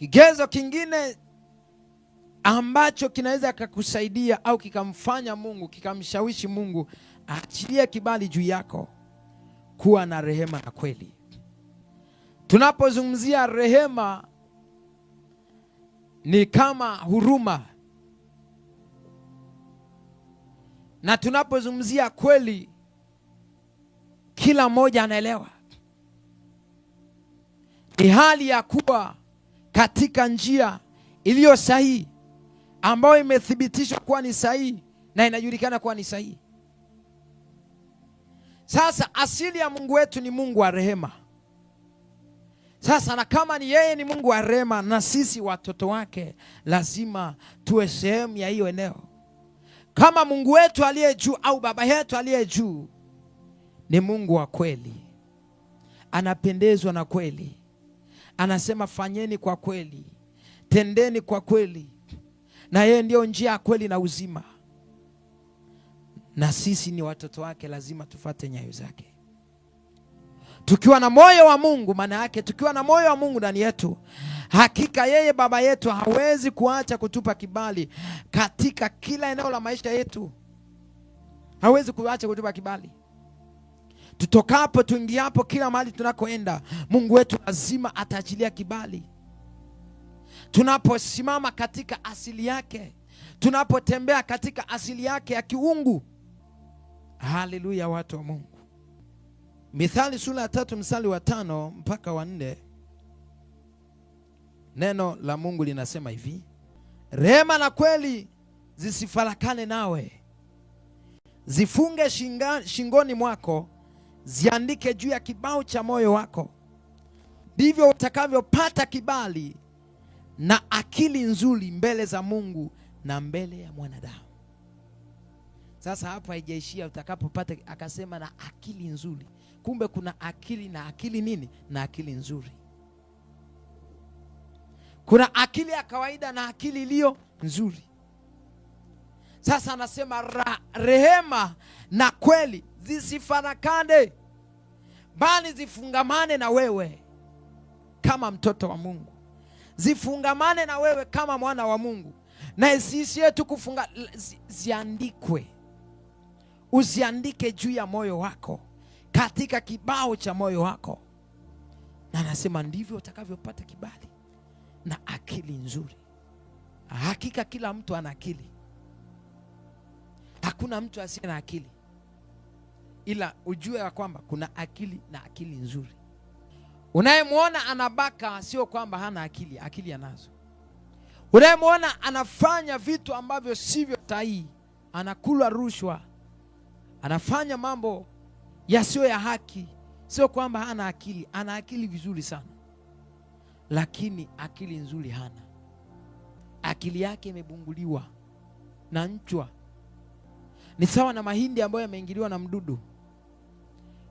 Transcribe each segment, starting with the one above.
Kigezo kingine ambacho kinaweza kikakusaidia au kikamfanya Mungu kikamshawishi Mungu aachilie kibali juu yako, kuwa na rehema ya kweli. Tunapozungumzia rehema, ni kama huruma, na tunapozungumzia kweli, kila mmoja anaelewa ni hali ya kuwa katika njia iliyo sahihi ambayo imethibitishwa kuwa ni sahihi na inajulikana kuwa ni sahihi. Sasa asili ya Mungu wetu ni Mungu wa rehema. Sasa na kama ni yeye ni Mungu wa rehema, na sisi watoto wake lazima tuwe sehemu ya hiyo eneo. Kama Mungu wetu aliye juu au baba yetu aliye juu ni Mungu wa kweli, anapendezwa na kweli anasema fanyeni kwa kweli, tendeni kwa kweli, na yeye ndiyo njia ya kweli na uzima, na sisi ni watoto wake, lazima tufate nyayo zake tukiwa na moyo wa Mungu. Maana yake tukiwa na moyo wa Mungu ndani yetu, hakika yeye baba yetu hawezi kuacha kutupa kibali katika kila eneo la maisha yetu, hawezi kuacha kutupa kibali. Tutokapo tuingiapo, kila mahali tunakoenda, Mungu wetu lazima ataachilia kibali. Tunaposimama katika asili yake, tunapotembea katika asili yake ya kiungu. Haleluya, watu wa Mungu. Mithali sura ya tatu mstari wa tano mpaka wa nne neno la Mungu linasema hivi: rehema na kweli zisifarakane nawe, zifunge shinga, shingoni mwako ziandike juu ya kibao cha moyo wako, ndivyo utakavyopata kibali na akili nzuri mbele za Mungu na mbele ya mwanadamu. Sasa hapo haijaishia, utakapopata akasema na akili nzuri. Kumbe kuna akili na akili nini? Na akili nzuri. Kuna akili ya kawaida na akili iliyo nzuri. Sasa anasema rehema na kweli zisifarakane, bali zifungamane na wewe kama mtoto wa Mungu, zifungamane na wewe kama mwana wa Mungu. Na sisi yetu kufunga ziandikwe, uziandike juu ya moyo wako, katika kibao cha moyo wako, na anasema ndivyo utakavyopata kibali na akili nzuri. Hakika kila mtu ana akili, hakuna mtu asiye na akili ila ujue ya kwamba kuna akili na akili nzuri. Unayemwona anabaka sio kwamba hana akili, akili anazo. Unayemwona anafanya vitu ambavyo sivyo sahihi, anakula rushwa, anafanya mambo yasiyo ya haki, sio kwamba hana akili, ana akili vizuri sana, lakini akili nzuri hana. Akili yake imebunguliwa na nchwa, ni sawa na mahindi ambayo yameingiliwa na mdudu.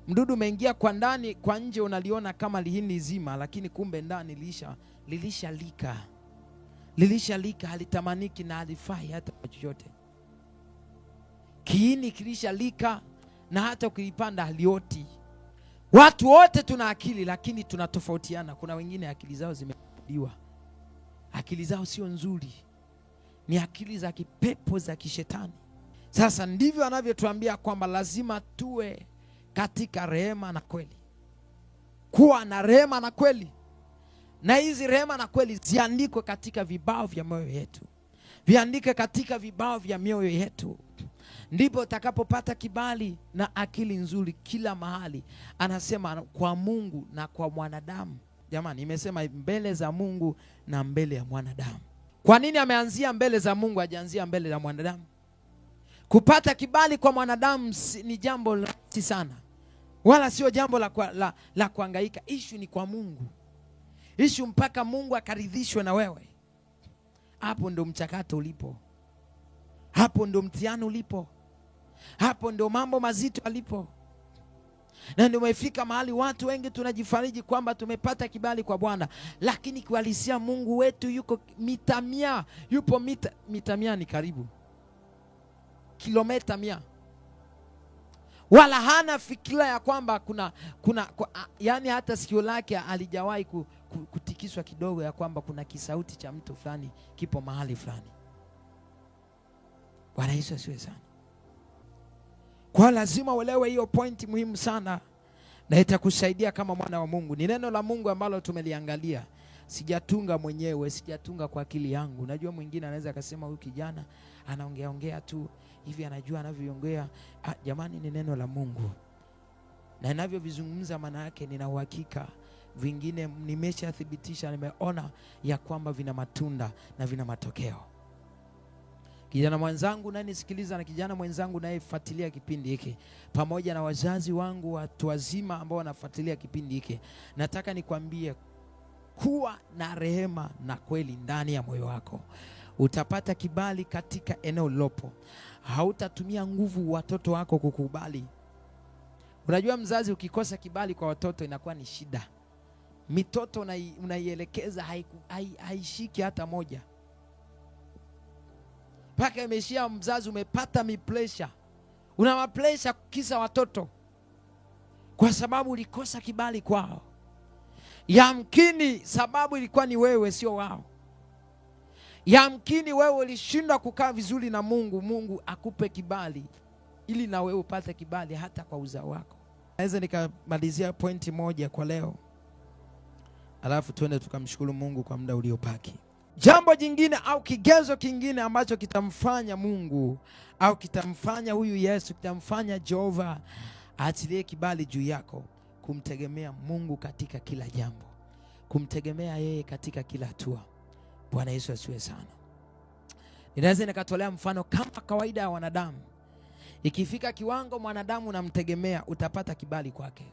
Mdudu umeingia kwa ndani, kwa nje unaliona kama lihini zima, lakini kumbe ndani lilisha lilishalika lilishalika, halitamaniki na halifai hata kwa chochote. Kiini kilishalika na hata ukilipanda halioti. Watu wote tuna akili, lakini tunatofautiana. Kuna wengine akili zao zimeliwa akili zao sio nzuri, ni akili za kipepo za kishetani. Sasa ndivyo anavyotuambia kwamba lazima tuwe katika rehema na kweli. Kuwa na rehema na kweli, na hizi rehema na kweli ziandikwe katika vibao vya moyo yetu, viandike katika vibao vya mioyo yetu, ndipo utakapopata kibali na akili nzuri kila mahali. Anasema kwa Mungu na kwa mwanadamu. Jamani, imesema mbele za Mungu na mbele ya mwanadamu. Kwa nini ameanzia mbele za Mungu, hajaanzia mbele za mwanadamu? Kupata kibali kwa mwanadamu ni jambo rahisi sana wala sio jambo la, la, la kuangaika. Ishu ni kwa Mungu, ishu mpaka Mungu akaridhishwe na wewe. Hapo ndo mchakato ulipo, hapo ndo mtihani ulipo, hapo ndo mambo mazito alipo, na ndio umefika mahali watu wengi tunajifariji kwamba tumepata kibali kwa Bwana, lakini kiuhalisia Mungu wetu yuko mita mia, yupo mita, mita mia ni karibu kilometa mia wala hana fikira ya kwamba kuna, kuna kwa, yani hata sikio lake alijawahi ku, ku, kutikiswa kidogo ya kwamba kuna kisauti cha mtu fulani kipo mahali fulani. Bwana Yesu asiwe sana. Kwa lazima uelewe hiyo pointi muhimu sana, na itakusaidia kama mwana wa Mungu. Ni neno la Mungu ambalo tumeliangalia, sijatunga mwenyewe, sijatunga kwa akili yangu. Najua mwingine anaweza akasema huyu kijana anaongeaongea tu hivi anajua anavyoongea. Ah, jamani, ni neno la Mungu na inavyovizungumza maana yake nina uhakika vingine nimeshathibitisha, nimeona ya kwamba vina matunda na vina matokeo. Kijana mwenzangu nayenisikiliza na kijana mwenzangu nayefuatilia kipindi hiki, pamoja na wazazi wangu, watu wazima ambao wanafuatilia kipindi hiki, nataka nikwambie kuwa na rehema na kweli ndani ya moyo wako. Utapata kibali katika eneo lilopo. Hautatumia nguvu watoto wako kukubali. Unajua mzazi ukikosa kibali kwa watoto inakuwa ni shida. Mitoto unaielekeza haishiki hai, hata moja mpaka imeishia mzazi umepata miplesha, una maplesha kisa watoto, kwa sababu ulikosa kibali kwao. Yamkini sababu ilikuwa ni wewe, sio wao. Yamkini wewe ulishindwa kukaa vizuri na Mungu, Mungu akupe kibali ili na wewe upate kibali hata kwa uzao wako. Naweza nikamalizia pointi moja kwa leo, alafu tuende tukamshukuru Mungu kwa muda uliopaki. Jambo jingine au kigezo kingine ambacho kitamfanya Mungu au kitamfanya huyu Yesu, kitamfanya Jehova aachilie kibali juu yako, kumtegemea Mungu katika kila jambo, kumtegemea yeye katika kila hatua. Bwana Yesu asiwe sana. Ninaweza nikatolea mfano kama kawaida ya wanadamu, ikifika kiwango mwanadamu unamtegemea utapata kibali kwake.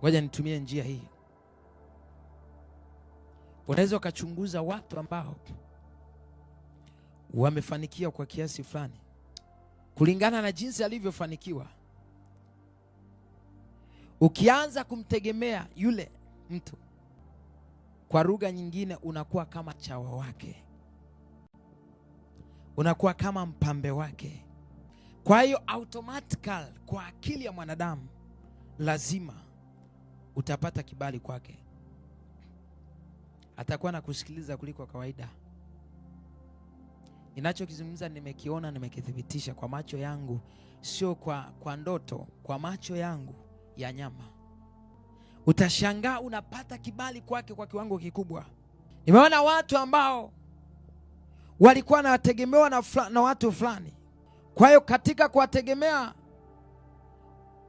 Ngoja nitumie njia hii. Unaweza ukachunguza watu ambao wamefanikiwa kwa kiasi fulani kulingana na jinsi alivyofanikiwa. Ukianza kumtegemea yule mtu kwa lugha nyingine, unakuwa kama chawa wake, unakuwa kama mpambe wake. Kwa hiyo automatical, kwa akili ya mwanadamu lazima utapata kibali kwake. Atakuwa na kusikiliza kuliko kawaida. Ninachokizungumza nimekiona, nimekithibitisha kwa macho yangu, sio kwa, kwa ndoto, kwa macho yangu ya nyama utashangaa unapata kibali kwake kwa kiwango kikubwa. Nimeona watu ambao walikuwa wanategemewa na, na watu fulani, kwa hiyo katika kuwategemea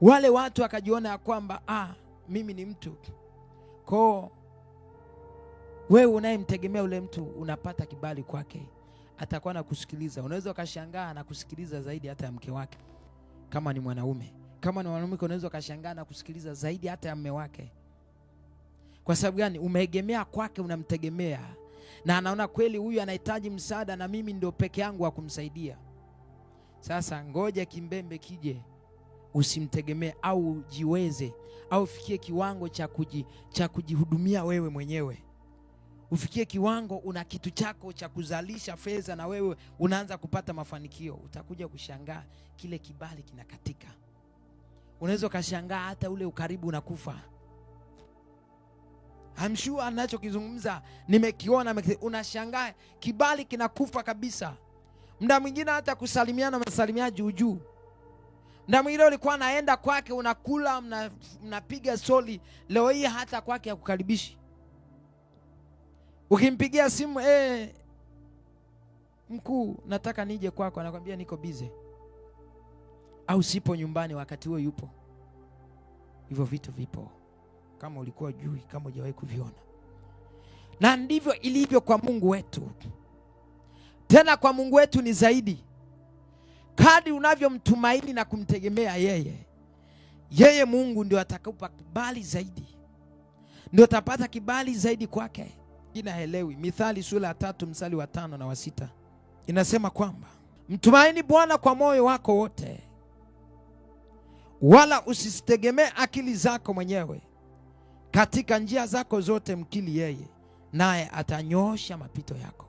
wale watu akajiona ya kwamba ah, mimi ni mtu koo. Wewe unayemtegemea ule mtu unapata kibali kwake, atakuwa na kusikiliza Unaweza ukashangaa na kusikiliza zaidi hata ya mke wake kama ni mwanaume. Kama ni mwanamke, unaweza ukashangaa na kusikiliza zaidi hata ya mme wake. Kwa sababu gani? Umeegemea kwake, unamtegemea na anaona kweli huyu anahitaji msaada na mimi ndio peke yangu wa kumsaidia. Sasa ngoja kimbembe kije, usimtegemee au jiweze au ufikie kiwango cha kuji, cha kujihudumia wewe mwenyewe, ufikie kiwango una kitu chako cha kuzalisha fedha na wewe unaanza kupata mafanikio. Utakuja kushangaa kile kibali kinakatika unaweza ukashangaa hata ule ukaribu unakufa. I'm sure anachokizungumza nimekiona, unashangaa kibali kinakufa kabisa. Mda mwingine hata kusalimiana masalimia juu juu. Mda mwingine ulikuwa naenda kwake, unakula mnapiga mna soli, leo hii hata kwake hakukaribishi. Ukimpigia simu eh, mkuu, nataka nije kwako, anakwambia niko busy au sipo nyumbani wakati huo yupo. Hivyo vitu vipo, kama ulikuwa jui, kama hujawahi kuviona. Na ndivyo ilivyo kwa Mungu wetu. Tena kwa Mungu wetu ni zaidi, kadi unavyomtumaini na kumtegemea yeye, yeye Mungu ndio atakupa kibali zaidi, ndio atapata kibali zaidi kwake. Inaelewi Mithali sura ya tatu mstari wa tano na wa sita inasema kwamba mtumaini Bwana kwa moyo wako wote wala usizitegemee akili zako mwenyewe. Katika njia zako zote mkili yeye, naye atanyoosha mapito yako.